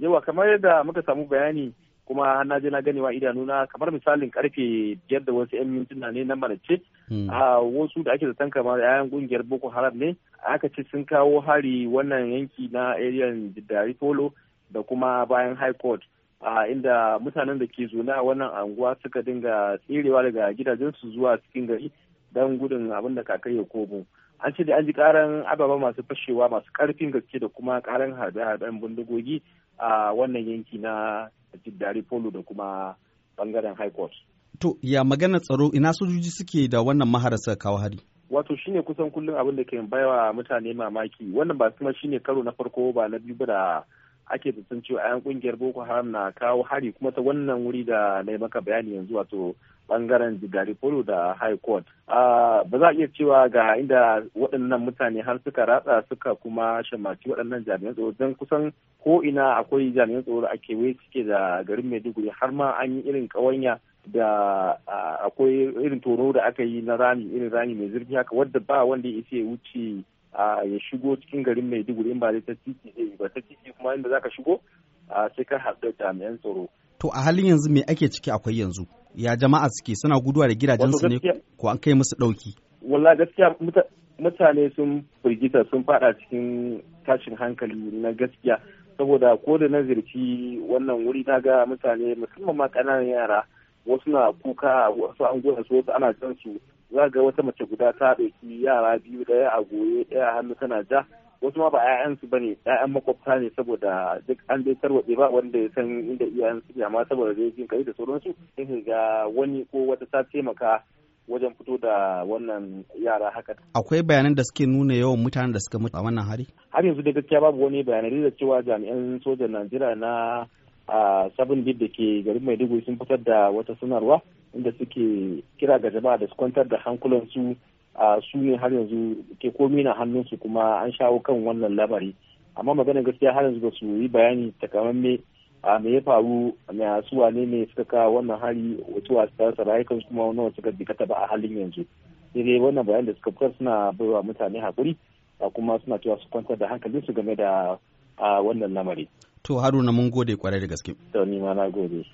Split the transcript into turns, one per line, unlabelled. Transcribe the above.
yawa kamar yadda muka samu bayani kuma na je na gani ganewa idanuna kamar misalin karfe biyar da wasu 'yan mintuna ne na marace hmm. a wasu da ake zaton kamar 'ya'yan kungiyar boko haram ne aka ce sun kawo hari wannan yanki na area jidari polo da kuma bayan high court a inda mutanen da ke zuna wannan anguwa suka dinga tserewa daga gidajensu zuwa cikin gari don gudun abin da kakai ya komo an ce da an ji karan ababa masu fashewa masu karfin gaske da kuma karan harbe-harben bindigogi a wannan yanki na jiddari polo da kuma bangaren high court
to ya magana tsaro ina sojoji suke da wannan maharasa kawo hari
wato shine kusan kullum abin da ke baiwa mutane mamaki wannan ba kuma shine karo na farko ba na biyu ba da ake zaton cewa ayan kungiyar boko haram na kawo hari kuma ta wannan wuri da na maka bayani yanzu wato bangaren jigari polo da high court ba za a iya cewa ga inda waɗannan mutane har suka ratsa suka kuma shamaci waɗannan jami'an tsoro don kusan ko ina akwai jami'an tsaro a ake wai suke da garin maiduguri har ma an yi irin ƙawanya da akwai irin toro da aka yi na rami irin rami mai zurfi haka wadda ba wanda ya wuce ya shigo cikin garin maiduguri in ba dai ta titi zai ba ta titi kuma inda zaka shigo sai ka haɗu da jami'an tsaro
to a halin yanzu me ake ciki akwai yanzu ya jama'a suke suna guduwa da gidajensu ne ko an kai musu ɗauki
wallahi gaskiya mutane sun firgita sun faɗa cikin tashin hankali na gaskiya saboda ko da na ziyarci wannan wuri na ga mutane musamman ma ƙananan yara wasu na kuka wasu an gona su wasu ana jan su za ga wata mace guda ta ɗauki yara biyu ɗaya a goye ɗaya hannu tana ja wasu ma ba 'ya'yansu ba ne 'ya'yan makwabta ne saboda duk an dai tarwaɗe ba wanda ya san inda iyayen suke amma saboda dai jin kai da sauransu sai ga wani ko wata ta taimaka wajen fito da wannan yara haka.
Akwai bayanan da suke nuna yawan mutanen da suka mutu a wannan hari?
Har yanzu da gaskiya babu wani bayanai da cewa jami'an sojan Najeriya na a sabon da ke garin maiduguri sun fitar da wata sanarwa inda suke kira ga jama'a da su kwantar da hankulansu a su ne har yanzu ke komi na hannunsu kuma an shawo kan wannan labari amma magana gaskiya har yanzu ba su yi bayani takamamme a me ya faru me su wane ne suka ka wannan hari wato a tsarsa rayukan kuma wani suka bikata ba a halin yanzu sai dai wannan bayani da suka fitar suna baiwa mutane hakuri kuma suna cewa su kwantar da hankalinsu game da a wannan lamari.
To Haruna mun gode kwarai da gaske. To ni ma na gode.